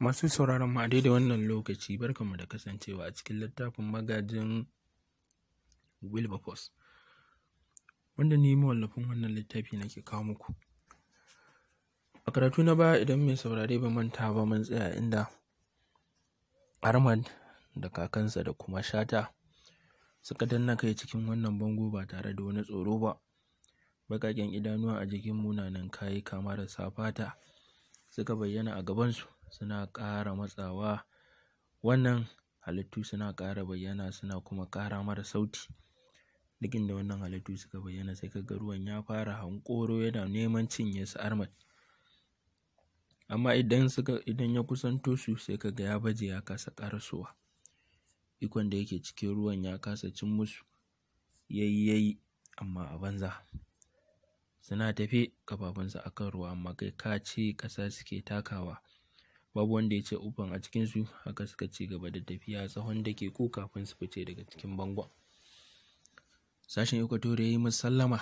Masu sauraron mu da wannan lokaci barkanmu da kasancewa a cikin littafin magajin Wilberforce wanda ni mawallafin wannan littafi nake kawo muku. A karatu na baya idan mai saurare ba manta ba mun tsaya inda Ahmad da kakansa da kuma Shata suka danna kai cikin wannan bango ba tare da wani tsoro ba. Baƙaƙen idanuwa a jikin munanan kayi kama da safata suka bayyana a gabansu. suna ƙara matsawa. Wannan halittu suna ƙara bayyana suna kuma ƙara mara sauti. Duk inda wannan halittu suka bayyana sai ka ga ruwan ya fara hanƙoro yana neman cinye su armat. Amma idan suka, idan ya kusanto su sai ka ga ya baje ya kasa ƙarasowa. Ikon da yake cikin ruwan ya kasa cin musu. Yayi yayi amma a banza. Suna tafe ƙafafunsu a kan ruwa amma kai ka ce ƙasa suke takawa. babu wanda ya ce ufan a cikinsu haka suka ci gaba da tafiya tsawon da ko kafin su fice daga cikin bangon sashen equatorial ya yi musu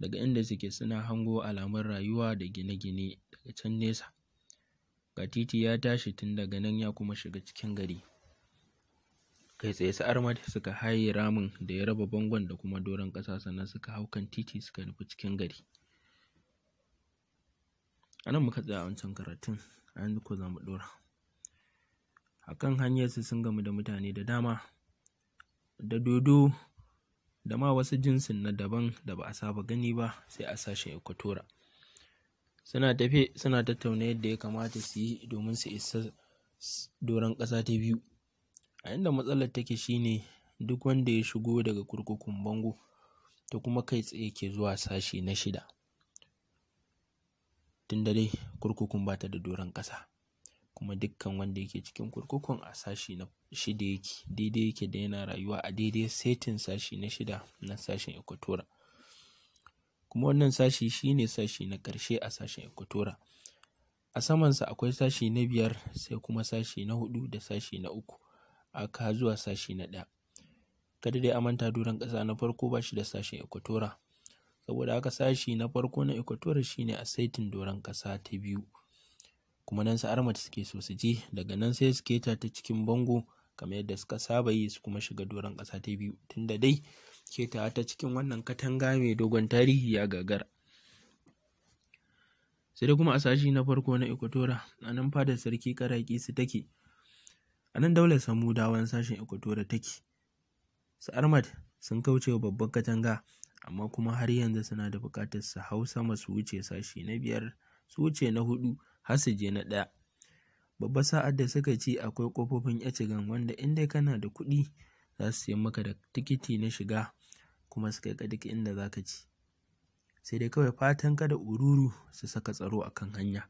daga inda suke suna hango alamun rayuwa da gine-gine daga can nesa ga titi ya tashi tun daga nan ya kuma shiga cikin gari kai tsaye su armad suka haye ramin da ya raba bangon da kuma doron ƙasa sannan suka hau kan titi suka nufi cikin gari a nan muka tsaya wancan karatun an yanzu ko za mu ɗora. A kan sun gamu da mutane da dama, da dodo da ma wasu jinsin na daban da ba a saba gani ba sai a sashen Ekwatora. Suna tafe suna tattauna yadda ya kamata su yi domin su isa doron ƙasa ta biyu. A inda matsalar take shine duk wanda ya shigo daga kurkukun bango ta kuma kai tsaye ke zuwa sashi na shida. tun dare kurkukun ba ta da doron ƙasa kuma dukkan wanda yake cikin kurkukun a sashi na shida yake daidai yake da yana rayuwa a daidai setin sashi na shida na sashen ekwatora kuma wannan sashi shine sashi na ƙarshe a sashen ekwatora a samansa akwai sashi na biyar sai kuma sashi na hudu da sashi na uku aka zuwa sashi na ɗaya kada dai a manta doron ƙasa na farko ba shi da sashen ekwatora saboda haka sashi na farko na equatorial shine a saitin doron kasa ta biyu kuma nan su armata suke so su je daga nan sai su keta ta cikin bango kamar yadda suka saba yi su kuma shiga doron kasa ta biyu tunda dai keta ta cikin wannan katanga mai dogon tarihi ya gagara sai dai kuma a sashi na farko na equatorial a nan fadar sarki karaki su take a nan daular samudawan sashen equatorial take su armad sun kauce wa babban katanga amma kuma har yanzu suna da buƙatar su hau sama su wuce sashi na biyar su wuce na hudu har su je na ɗaya babba Sa'ad da suka ci akwai ƙofofin ecigan wanda in dai kana da kuɗi za su sayi maka da tikiti na shiga kuma su kai ka duk inda za ka ci sai dai kawai fatan kada ururu su saka tsaro a kan hanya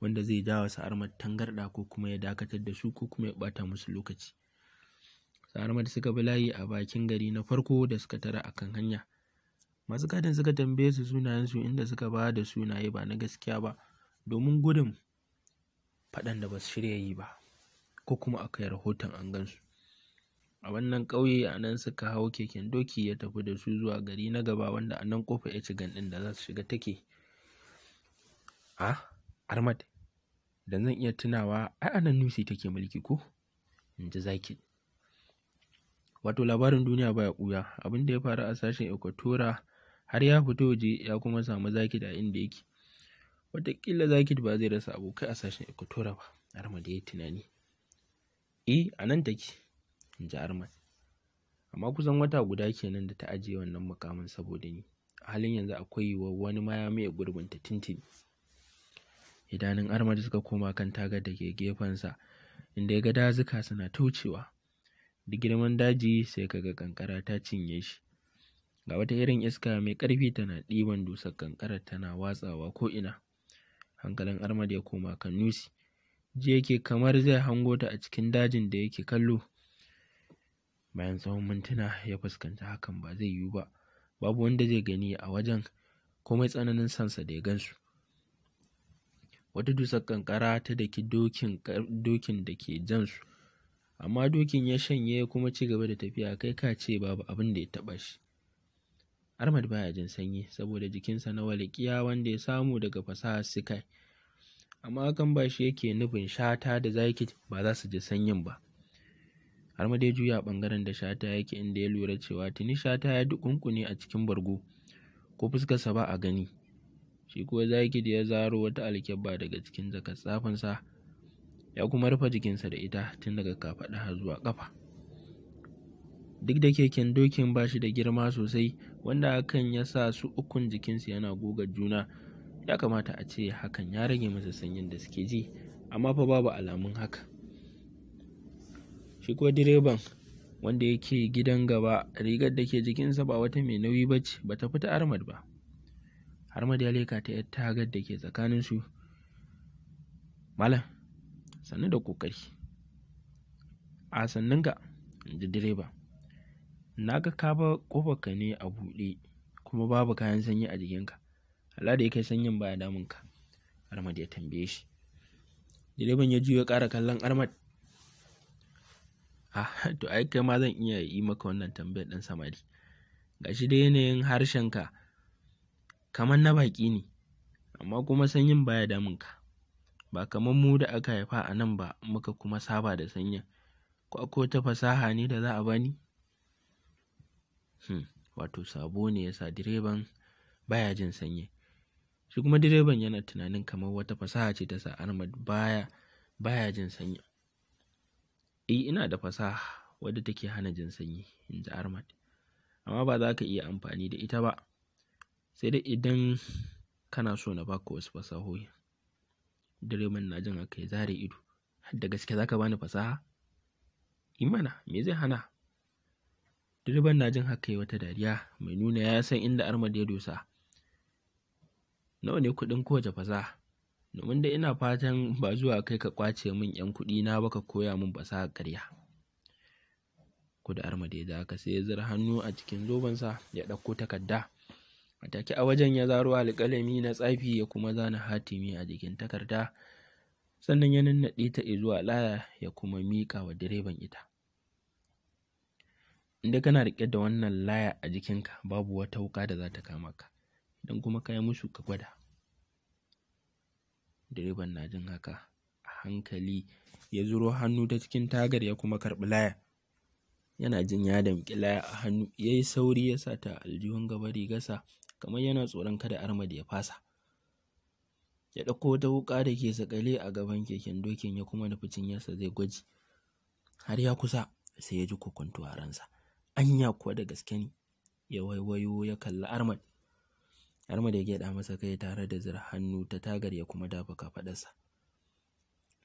wanda zai jawo armar tangarɗa ko kuma ya dakatar da su ko kuma ya ɓata musu lokaci sa'ar da suka bi layi a bakin gari na farko da suka tara a kan hanya Masu gadin suka tambaye su sunayen su inda suka ba da sunaye ba na gaskiya ba domin gudun faɗan da ba su shirya yi ba ko kuma a kai rahoton an gansu. A wannan ƙauye a nan suka hau keken doki ya tafi da su zuwa gari na gaba wanda a nan ya ci ɗin da za su shiga take. A Ahmad, da zan iya tunawa ai a nan Nusi take mulki ko? In ji zaki. Wato labarin duniya baya ɓuya abin da ya faru a sashen Ekwatora. har ya fito waje ya kuma samu zakit a inda yake wataƙila zakit ba zai rasa abokai a sashen ekwatora ba arma da ya tunani E, a nan take in ji arma amma kusan wata guda kenan da ta ajiye wannan mukamin saboda ni a halin yanzu akwai yiwuwa wani ma ya maye gurbinta tuntuni idanun armadi suka koma kan tagar da ke gefensa inda ya ga dazuka suna ta wucewa da girman daji sai kaga kankara ta cinye shi ga wata irin iska mai ƙarfi tana ɗiban dusar ƙanƙarar tana watsawa ko'ina hankalin armad ya koma kan nusi ji yake kamar zai hango ta a cikin dajin da yake kallo bayan tsawon mintuna ya fuskanta hakan ba zai yiwu ba babu wanda zai gani a wajen komai tsananin sansa da ya gansu wata dusar ƙanƙara ta daki dokin da ke jansu amma dokin ya shanye kuma ci gaba da tafiya kai ka ce babu abin da ya taɓa shi Ahmad baya jin sanyi saboda jikinsa na walikiya wanda ya samu daga fasahar sikai Amma kan ba shi yake nufin shata da zakit ba za su ji sanyin ba. Ahmad ya juya ɓangaren da shata yake inda ya lura cewa tuni shata ya dukunkune a cikin bargo ko fuskarsa ba a gani. Shi kuwa da ya zaro wata alkyabba daga cikin jakar tsafinsa ya kuma rufe jikinsa da ita tun daga kafaɗa zuwa ƙafa. Duk da keken dokin ba shi da girma sosai wanda hakan ya sa su ukun jikinsu yana gogar juna ya kamata a ce hakan ya rage masa sanyin da suke ji amma fa babu alamun haka shi kuwa direban wanda yake gidan gaba rigar da ke jikinsa ba wata mai nauyi ba ce ba ta fita armad ba armad ya leka ta yar tagar da ke tsakaninsu malam sannu da kokari a sannunka in ji direba na ga ka ba ƙofarka ne a buɗe kuma babu kayan sanyi a jikinka hala da ya kai sanyin ya damun ka armad ya tambaye shi direban ya juya ƙara kallon armad ah to ai kai ma zan iya yi maka wannan tambayar ɗan samari gashi da yanayin harshenka kamar na baƙi ne amma kuma sanyin baya damun ka ba kamar mu da aka haifa a nan ba muka kuma saba da sanyin ko akwai wata fasaha ne da za a bani Hmm. wato sabo ne ya sa direban baya jin sanyi shi kuma direban yana tunanin kamar wata fasaha ce ta sa Ahmad baya baya jin sanyi eh ina da fasaha wadda take hana jin sanyi in ji Ahmad amma ba za ka iya amfani da ita ba sai dai idan kana so na baka wasu fasahohi direban na jin haka ya zare ido har da gaske ka bani fasaha imana me zai hana Direban na jin haka yi wata dariya mai nuna ya san inda Ahmad ya dosa. Nawa ne kuɗin kowace fasa? Domin da ina fatan ba zuwa kai ka kwace min 'yan kuɗi na ba ka koya min fasahar ƙarya. Kuda Ahmad ya da sai ya zira hannu a cikin zobensa ya ɗauko takarda. A take a wajen ya zaro alƙalami na tsafi ya kuma zana hatimi a jikin takarda. Sannan ya nannaɗe ta zuwa laya ya kuma miƙa wa direban ita. inda kana riƙe da wannan laya a jikinka babu wata wuƙa da za ta kama ka idan kuma ka yi musu ka gwada direban na jin haka a hankali ya zuro hannu ta cikin tagar ya kuma karɓi laya yana jin ya damƙi laya a hannu ya yi sauri ya sa ta aljihun gaba rigarsa kamar yana tsoron kada armad ya fasa ya ɗauko wata wuƙa da ke sakale a gaban keken dokin ya kuma nufi cinyarsa zai gwaji har ya kusa sai ya ji kokonto a ransa anya kuwa da gaske ne ya waiwayo ya kalli Ahmad Ahmad ya gyaɗa masa kai tare da zira hannu ta tagar ya kuma dafa kafaɗarsa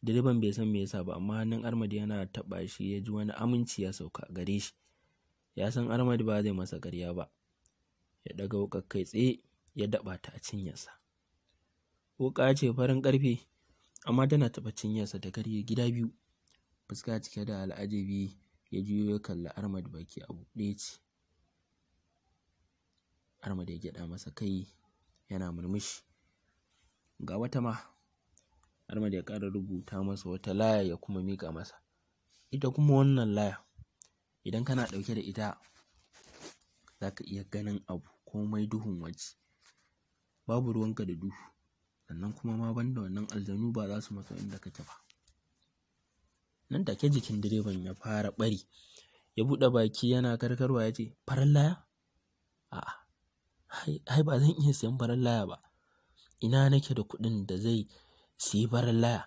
direban bai san me yasa ba amma hannun Ahmad yana taɓa shi ya ji wani aminci ya sauka gare shi ya san Ahmad ba zai masa ƙarya ba ya ɗaga wuƙar kai tsaye ya daɓa ta a cinyarsa wuƙa ce farin ƙarfe amma tana taɓa cinyarsa ta karye gida biyu fuska cike da al'ajabi ya juyo ya kalli Ahmad baki a buɗe ce. Ahmad ya gyaɗa masa kai yana murmushi. Ga wata ma Ahmad ya ƙara rubuta masa wata laya ya kuma miƙa masa. Ita kuma wannan laya idan kana ɗauke da ita za ka iya ganin abu komai duhun waje. Babu ruwanka da duhu sannan kuma ma banda wannan aljanu ba za su matsa inda kake ba. nan take jikin direban ya fara ɓari ya buɗe baki yana karkarwa yace, ce farar laya a'a hai ba zan iya siyan farar laya ba ina nake da kuɗin da zai siyi farar laya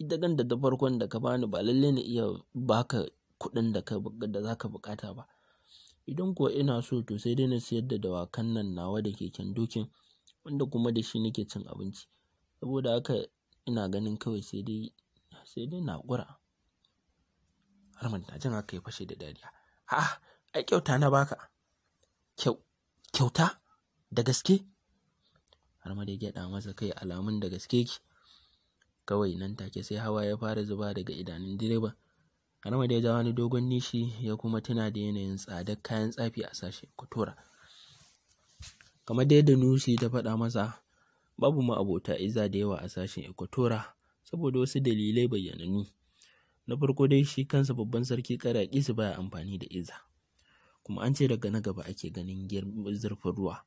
ita gan da farkon da ka bani ba lalle na iya baka kuɗin da ka da zaka bukata ba idan kuwa ina so to sai dai na sayar da dawakan nan nawa da keken dokin wanda kuma da shi nake cin abinci saboda haka ina ganin kawai sai dai sai dai na Arman jin haka ya fashe da dariya. A'a, ai kyauta na baka. Kyauta? Da gaske? ma dai gyaɗa masa kai alamun da gaske ki. Kawai nan take sai hawa ya fara zuba daga idanun direban. Arman ya ja wani dogon nishi ya kuma tuna da yanayin tsadar kayan tsafi a sashen kutura. Kamar da nushi Nusi ta faɗa masa, babu ma abota iza da yawa a sashen Ekotora saboda wasu dalilai bayyananu. na farko dai shi kansa babban sarki kara su baya amfani da iza kuma an ce daga na gaba ake ganin zurfin ruwa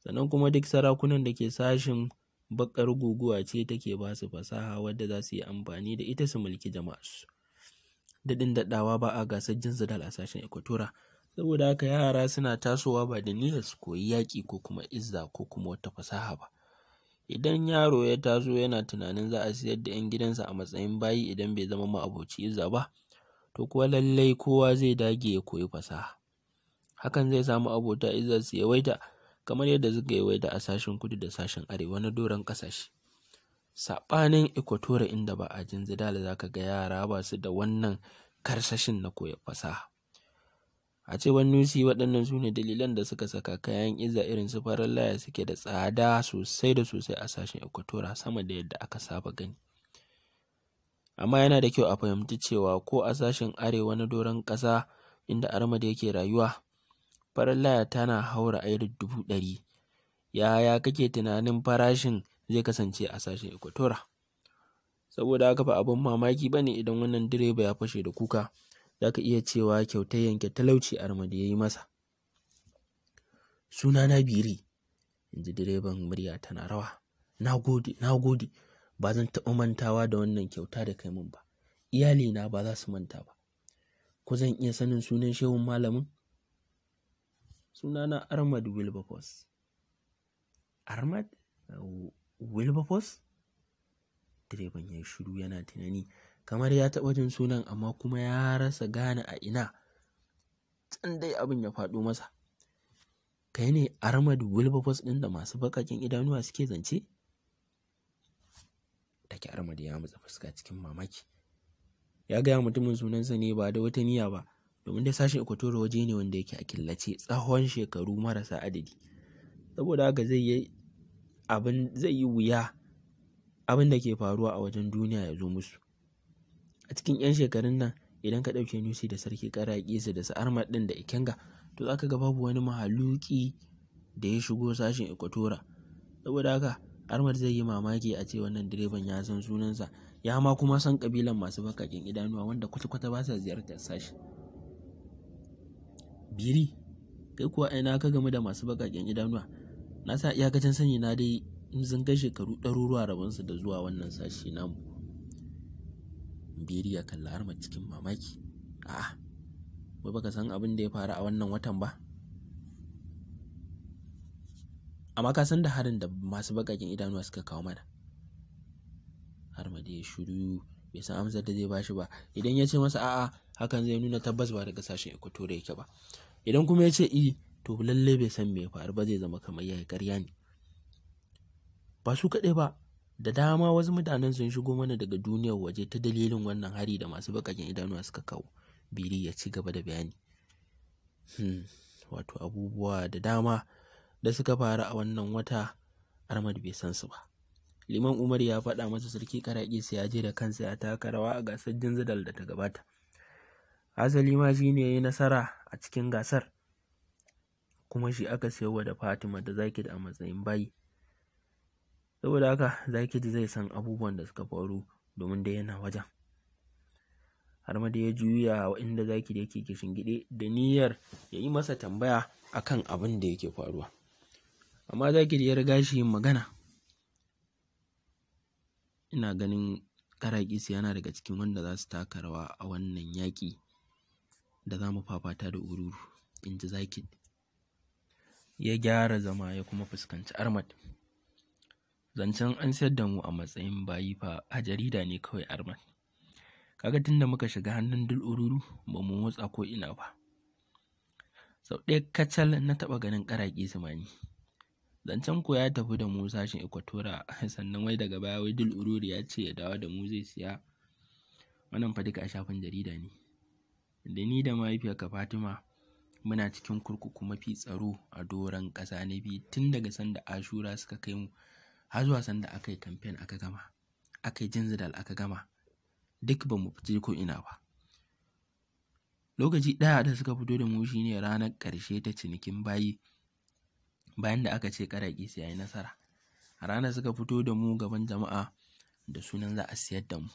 sannan kuma duk sarakunan da ke sashen bakar guguwa ce take ba su fasaha wadda za su yi amfani da ita su mulki jama'arsu daɗin daɗawa ba a gasar jin zidal a sashen ekwatora saboda haka yara suna tasowa ba da niyyar su koyi yaƙi ko kuma izza ko kuma wata fasaha ba Idan yaro ya taso yana tunanin za a siyar da ‘yan gidansa a matsayin bayi idan bai zama ma'abocin izza ba, to kuwa lallai kowa zai dage ya koyi fasaha. Hakan zai samu abota izza su yawaita kamar yadda suka yawaita a sashen kudu da sashen arewa na doron ƙasashe. Saɓanin Equatorial inda ba a janzarala za ka ga yara ba su da wannan karsashin na koyon fasaha. A cewar nusi waɗannan su ne dalilan da suka saka kayan iza irin su farar laya suke da tsada sosai da sosai a sashen ekwatora sama da yadda aka saba gani. Amma yana da kyau a fahimci cewa ko a sashen arewa na doron ƙasa inda Armada yake rayuwa, farar laya tana haura airi dubu ɗari. Yaya kake tunanin farashin zai kasance a sashen ekwatora Saboda haka ba abin mamaki ba ne idan wannan direba ya fashe da kuka. za ka iya cewa kyautai yanke talauci armadi ya yi masa suna na biri in ji direban murya tana rawa na gode na ba zan taɓa mantawa da wannan kyauta da kai min ba iyalina ba za su manta ba ko zan iya sanin sunan shehun malamin sunana armad wilberforce armad wilberforce direban ya shiru yana tunani kamar ya taɓa jin sunan amma kuma ya rasa gane a ina can dai abin ya faɗo masa kai ne armad wilberforce ɗin da masu bakakin idanuwa suke zance take armad ya matsa fuska cikin mamaki ya gaya mutumin sunansa ne ba da wata niyya ba domin da sashen ekwatoro waje ne wanda yake a killace tsawon shekaru marasa adadi saboda haka zai yi wuya abin da ke faruwa a wajen duniya ya zo musu a cikin 'yan shekarun nan idan ka ɗauke Nusi da Sarki ƙara ya da su ɗin da Ikenga to za ka ga babu wani mahaluki da ya shigo sashen Ekwatora saboda haka Ahmad zai yi mamaki a ce wannan direban ya san sunansa ya ma kuma san kabilan masu bakakin idanuwa wanda kwata-kwata ba sa ziyartar sashi biri kai kuwa ina ka game da masu bakakin idanuwa na sa iyakacin sanyi na dai in sun kai shekaru ɗaruruwa rabonsu da zuwa wannan sashi namu biri ya kalla har cikin mamaki a'a wai baka san abin da ya faru a wannan watan ba amma ka san da harin da masu bakakin idanuwa suka kawo mana har ya shiru bai san amsar da zai ba shi ba idan ya ce masa a'a hakan zai nuna tabbas ba da kasashen equator yake ba idan kuma ya ce i to lallai bai san me ya faru ba zai zama kamar yayi karya ne ba su kaɗai ba da dama wasu mutanen sun shigo mana daga duniyar waje ta dalilin wannan hari da masu bakakin idanuwa suka kawo biri ya ci gaba da bayani hmm, wato abubuwa da dama da suka faru a wannan wata armad bai san su ba liman umar ya faɗa masa sarki karaƙi sai ya je da kansa ya taka rawa a gasar jinzidal da ta gabata asali ma shi ne ya yi nasara a cikin gasar kuma shi aka sayo da fatima da zakid a matsayin bayi saboda haka zaki ji zai san abubuwan da suka faru domin da yana wajen har ma da ya juya wa inda zaki da yake gide da niyyar ya yi masa tambaya akan abin da yake faruwa amma zaki da ya riga shi yin magana ina ganin su yana daga cikin wanda za su taka rawa a wannan yaƙi da za mu fafata da ururu in ji zaki ya gyara zama ya kuma fuskanci armad zancen an sayar da mu a matsayin bayi fa a jarida ne kawai arman kaga tun da muka shiga hannun dul'ururu ba mu motsa ko ina ba sau ɗaya kacal na taɓa ganin ƙaraƙi zumani zancen ko ya tafi da mu sashen ekwatora sannan wai daga baya wai dul'ururu ya ce ya dawo da mu zai siya wannan fa duka a shafin jarida ne da ni da mahaifiyarka fatima muna cikin kurkuku mafi tsaro a doron ƙasa na biyu tun daga sanda ashura suka kai mu har zuwa sanda aka yi kamfen aka gama aka yi jinzidal aka gama duk ba mu fita ko ina ba lokaci ɗaya da suka fito da mu shine ranar ƙarshe ta cinikin bayi bayan da aka ce karaƙi sai nasara a ranar suka fito da mu gaban jama'a da sunan za a siyar da mu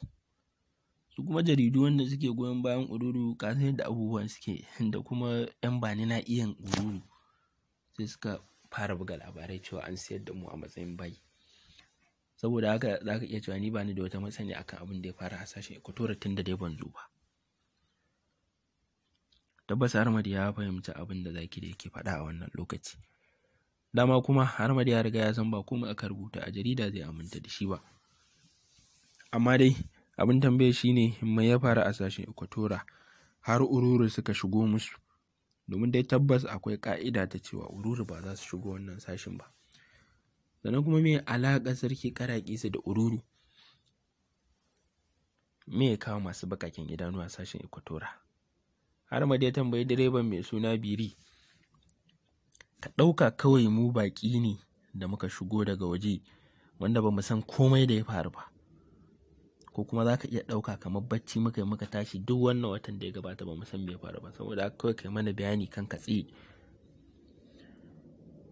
su kuma jaridu wanda suke goyon bayan ururu kasan yadda abubuwan suke da kuma yan bani na iya ururu sai suka fara buga labarai cewa an siyar da mu a matsayin bayi saboda haka za ka iya cewa ni ba da wata masani akan abin da ya fara a sashen tun da dai ban zo ba tabbas Ahmad ya fahimci abin da zaki da yake faɗa a wannan lokaci dama kuma Ahmad ya riga ya san ba komai aka rubuta a jarida zai aminta da shi ba amma dai abin tambaya shine mai ya fara a sashen ekwatora har ururu suka shigo musu domin dai tabbas akwai ka'ida ta cewa ururu ba za su shigo wannan sashen ba sannan kuma mai alaƙar sarki karaƙisa da ururu me ya kawo masu bakaken idanu a sashen ekwatora har ma ya tambayi direban mai suna biri ka ɗauka kawai mu baƙi ne da muka shigo daga waje wanda ba mu san komai da ya faru ba ko kuma za ka iya ɗauka kamar bacci muka yi muka tashi duk wannan watan da ya gabata ba mu san me ya faru ba saboda kawai kai mana bayani kan katse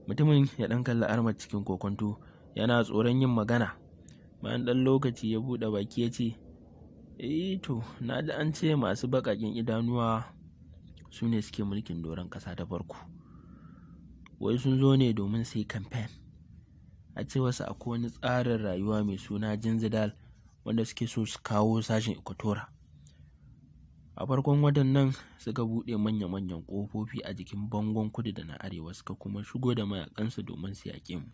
mutumin ya ɗan kalli armar cikin kokonto yana tsoron yin magana bayan ɗan lokaci ya buɗe baki ya ce eh to na ji an ce masu baƙaƙen idanuwa su ne suke mulkin doron ƙasa ta farko wai sun zo ne domin sai kamfen a ce wasu akwai wani tsarin rayuwa mai suna jinzidal wanda suke so su kawo sashen ekwatora a farkon watan nan suka buɗe manya-manyan ƙofofi a jikin bangon kudu da na arewa suka kuma shigo da mayakansu domin su yaƙe mu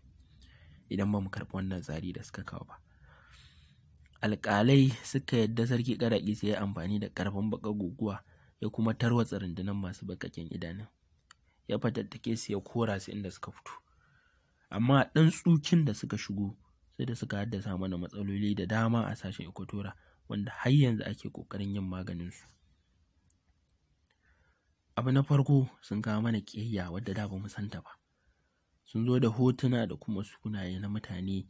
idan bamu mu karɓi wannan tsari da suka kawo ba alƙalai suka yadda sarki ƙaraƙi sai ya amfani da ƙarfin baka guguwa ya kuma tarwatsa rundunar masu baƙaƙen idanun ya fatattake su ya kora su inda suka fito amma ɗan tsukin da suka shigo sai da suka haddasa mana matsaloli da dama a sashen ekotora wanda har yanzu ake ƙoƙarin yin maganinsu abu na farko sun kawo mana ƙiyayya wadda da ba mu santa ba sun zo da hotuna da kuma sunaye na mutane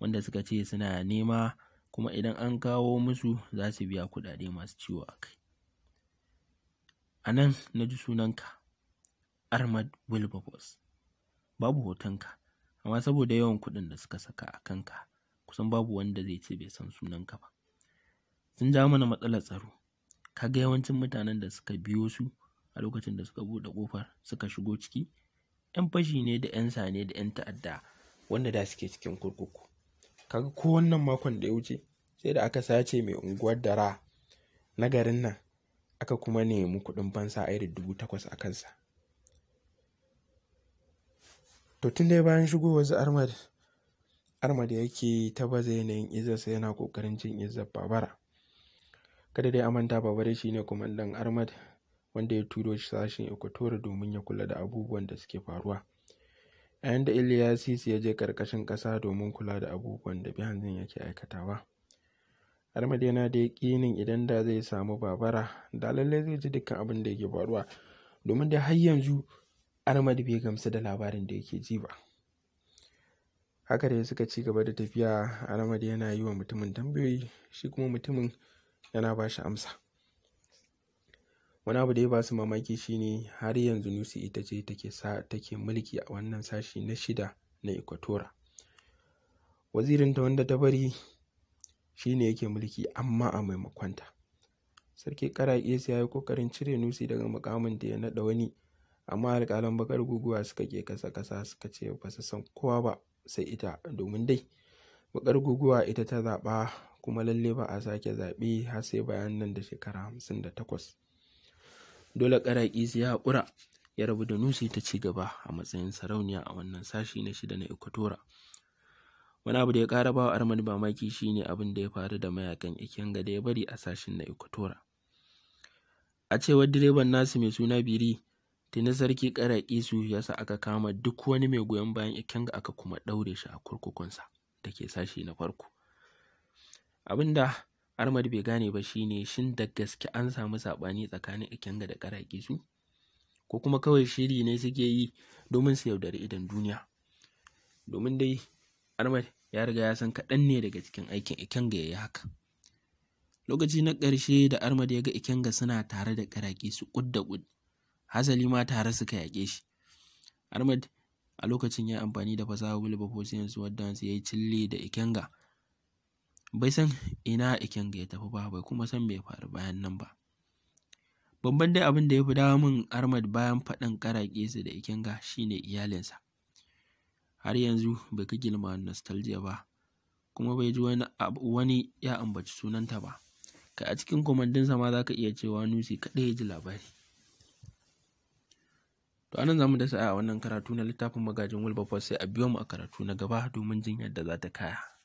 wanda suka ce suna nema kuma idan an kawo musu za su biya kuɗaɗe masu ciwo a kai a nan na ji sunanka armad wilberforce babu hotonka amma saboda yawan kuɗin da suka saka a kanka kusan babu wanda zai ce bai san sunanka ba sun ja mana matsalar tsaro kaga yawancin mutanen da suka biyo su a lokacin da suka buɗe ƙofar suka shigo ciki 'yan fashi ne da 'yan sane da 'yan ta'adda wanda da suke cikin kurkuku kaga ko wannan makon da ya wuce sai da aka sace mai unguwar dara na garin nan aka kuma nemi kuɗin fansa a dubu takwas a kansa to tun dai bayan shigo wasu armad armad yake ta baza yanayin izarsa yana kokarin cin izar babara kada dai amanta babare shine dan armad wanda ya turo shi sashen Equatorial domin ya kula da abubuwan da suke faruwa. A yayin da sisi ya je karkashin ƙasa domin kula da abubuwan da bihanzin yake aikatawa. Har yana da yakinin idan da zai samu Babara da lallai zai ji dukkan abin da yake faruwa domin da har yanzu armad bai gamsu da labarin da yake ji ba. Haka da suka ci gaba da tafiya armad yana yi wa mutumin tambayoyi shi kuma mutumin yana ba shi amsa. wani abu da ya su mamaki shine har yanzu Nusi ita ce take mulki a wannan sashi na shida na Ikwatora wazirinta wanda ta bari shine yake mulki amma a maimakonta sarki Karaƙesi ya yi kokarin cire Nusi daga mukamin da ya naɗa wani amma alƙalan bakar guguwa suka ke kasa kasa suka ce ba su san kowa ba sai ita domin dai bakar guguwa ita ta zaɓa kuma lalle ba a sake zaɓe har sai bayan nan da shekara hamsin da takwas dole Karaƙis ya haƙura ya rabu da Nusi ta ci gaba a matsayin sarauniya a wannan sashi na shida na Ikotora. Wani abu da ya ƙara ba Armani Ahmad mamaki shine abin da ya faru da mayakan Ikenga da ya bari a sashin na Ikotora. A cewar direban nasu mai suna Biri, tuni sarki su ya sa aka kama duk wani mai goyon bayan Ikenga aka kuma ɗaure shi a kurkukunsa da ke sashi na farko. Abin da Ahmad bai gane ba shi ne shin da gaske an samu saɓani tsakanin Ikenga da su? ko kuma kawai shiri ne suke yi domin su yaudari idan duniya domin dai Ahmad ya riga ya san kaɗan ne daga cikin aikin Ikenga ya yi haka lokaci na ƙarshe da Ahmad ya ga Ikenga suna tare da su ƙud da ƙud hasali ma tare suka yaƙe shi Ahmad a lokacin ya amfani da fasahar Wilberforce su wadda ya yi cille da Ikenga bai san ina Ikinga ya tafi ba bai kuma san me faru bayan nan ba babban dai abin da ya fi dawo min Ahmad bayan faɗan su da Ikenga shine iyalinsa har yanzu bai ka gilma nostalgia ba kuma bai ji wani ya ambaci sunanta ba kai a cikin kwamandin ma za ka iya cewa Nusi kaɗai ya ji labari To anan zamu mu dasa a wannan karatu na littafin magajin Wilberforce sai a biyo mu a karatu na gaba domin jin yadda za ta kaya.